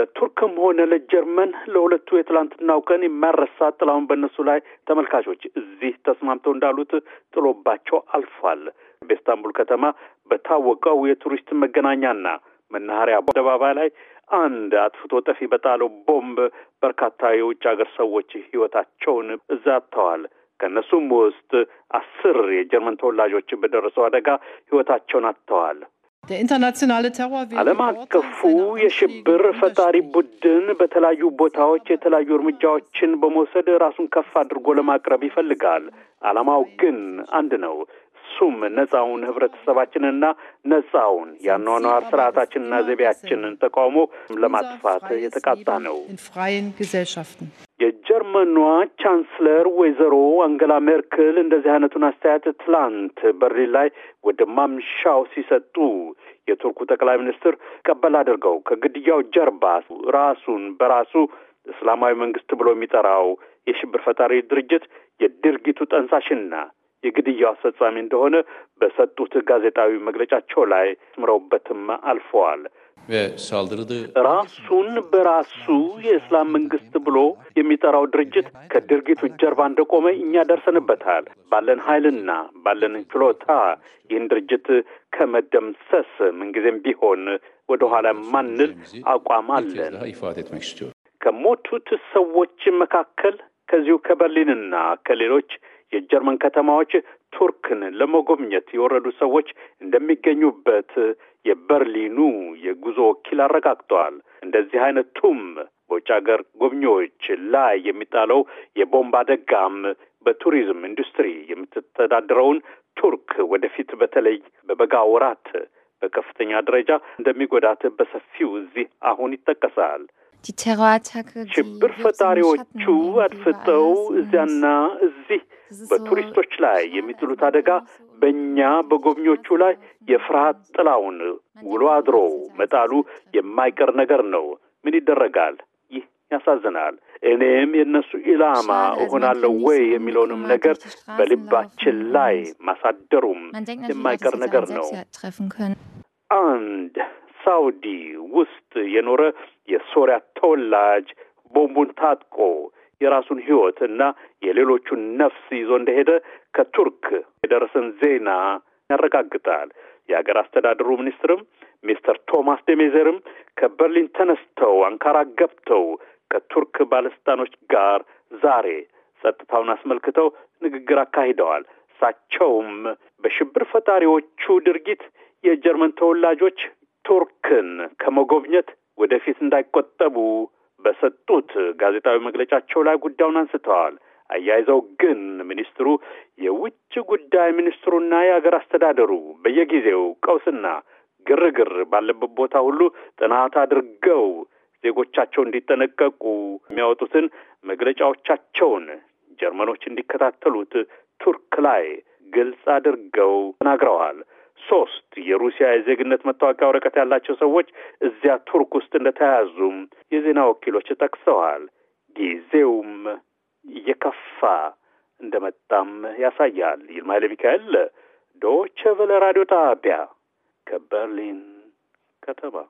ለቱርክም ሆነ ለጀርመን ለሁለቱ የትላንትናው ቀን የማይረሳ ጥላውን በእነሱ ላይ ተመልካቾች እዚህ ተስማምተው እንዳሉት ጥሎባቸው አልፏል። በኢስታንቡል ከተማ በታወቀው የቱሪስት መገናኛና መናኸሪያ አደባባይ ላይ አንድ አጥፍቶ ጠፊ በጣለው ቦምብ በርካታ የውጭ ሀገር ሰዎች ህይወታቸውን እዛ አጥተዋል። ከእነሱም ውስጥ አስር የጀርመን ተወላጆች በደረሰው አደጋ ህይወታቸውን አጥተዋል። ዓለም አቀፉ የሽብር ፈጣሪ ቡድን በተለያዩ ቦታዎች የተለያዩ እርምጃዎችን በመውሰድ ራሱን ከፍ አድርጎ ለማቅረብ ይፈልጋል። ዓላማው ግን አንድ ነው። እሱም ነፃውን ህብረተሰባችንና ነፃውን የአኗኗር ስርዓታችንና ዘይቤያችንን ተቃውሞ ለማጥፋት የተቃጣ ነው። የጀርመኗ ቻንስለር ወይዘሮ አንገላ ሜርክል እንደዚህ አይነቱን አስተያየት ትላንት በርሊን ላይ ወደ ማምሻው ሲሰጡ የቱርኩ ጠቅላይ ሚኒስትር ቀበል አድርገው ከግድያው ጀርባ ራሱን በራሱ እስላማዊ መንግስት ብሎ የሚጠራው የሽብር ፈጣሪ ድርጅት የድርጊቱ ጠንሳሽና የግድያው አስፈጻሚ እንደሆነ በሰጡት ጋዜጣዊ መግለጫቸው ላይ አስምረውበትም አልፈዋል። ራሱን በራሱ የእስላም መንግስት ብሎ የሚጠራው ድርጅት ከድርጊቱ ጀርባ እንደቆመ እኛ ደርሰንበታል። ባለን ኃይልና ባለን ችሎታ ይህን ድርጅት ከመደምሰስ ምንጊዜም ቢሆን ወደኋላ ማንል አቋም አለን። ከሞቱት ሰዎች መካከል ከዚሁ ከበርሊንና ከሌሎች የጀርመን ከተማዎች ቱርክን ለመጎብኘት የወረዱ ሰዎች እንደሚገኙበት የበርሊኑ የጉዞ ወኪል አረጋግጠዋል። እንደዚህ አይነቱም በውጭ ሀገር ጎብኚዎች ላይ የሚጣለው የቦምብ አደጋም በቱሪዝም ኢንዱስትሪ የምትተዳደረውን ቱርክ ወደፊት በተለይ በበጋ ወራት በከፍተኛ ደረጃ እንደሚጎዳት በሰፊው እዚህ አሁን ይጠቀሳል። ሽብር ፈጣሪዎቹ አድፍጠው እዚያና እዚህ በቱሪስቶች ላይ የሚጥሉት አደጋ በእኛ በጎብኚዎቹ ላይ የፍርሃት ጥላውን ውሎ አድሮ መጣሉ የማይቀር ነገር ነው። ምን ይደረጋል? ይህ ያሳዝናል። እኔም የእነሱ ኢላማ እሆናለሁ ወይ የሚለውንም ነገር በልባችን ላይ ማሳደሩም የማይቀር ነገር ነው። አንድ ሳውዲ ውስጥ የኖረ የሶሪያ ተወላጅ ቦምቡን ታጥቆ የራሱን ህይወት እና የሌሎቹን ነፍስ ይዞ እንደሄደ ከቱርክ የደረሰን ዜና ያረጋግጣል። የሀገር አስተዳደሩ ሚኒስትርም ሚስተር ቶማስ ደሜዘርም ከበርሊን ተነስተው አንካራ ገብተው ከቱርክ ባለስልጣኖች ጋር ዛሬ ጸጥታውን አስመልክተው ንግግር አካሂደዋል። እሳቸውም በሽብር ፈጣሪዎቹ ድርጊት የጀርመን ተወላጆች ቱርክን ከመጎብኘት ወደፊት እንዳይቆጠቡ በሰጡት ጋዜጣዊ መግለጫቸው ላይ ጉዳዩን አንስተዋል። አያይዘው ግን ሚኒስትሩ የውጭ ጉዳይ ሚኒስትሩና የአገር አስተዳደሩ በየጊዜው ቀውስና ግርግር ባለበት ቦታ ሁሉ ጥናት አድርገው ዜጎቻቸው እንዲጠነቀቁ የሚያወጡትን መግለጫዎቻቸውን ጀርመኖች እንዲከታተሉት ቱርክ ላይ ግልጽ አድርገው ተናግረዋል። ሶስት የሩሲያ የዜግነት መታወቂያ ወረቀት ያላቸው ሰዎች እዚያ ቱርክ ውስጥ እንደተያዙም የዜና ወኪሎች ጠቅሰዋል። ጊዜውም እየከፋ እንደመጣም ያሳያል። ይልማ ሚካኤል ዶቼ ቬለ ራዲዮ ጣቢያ ከበርሊን ከተማ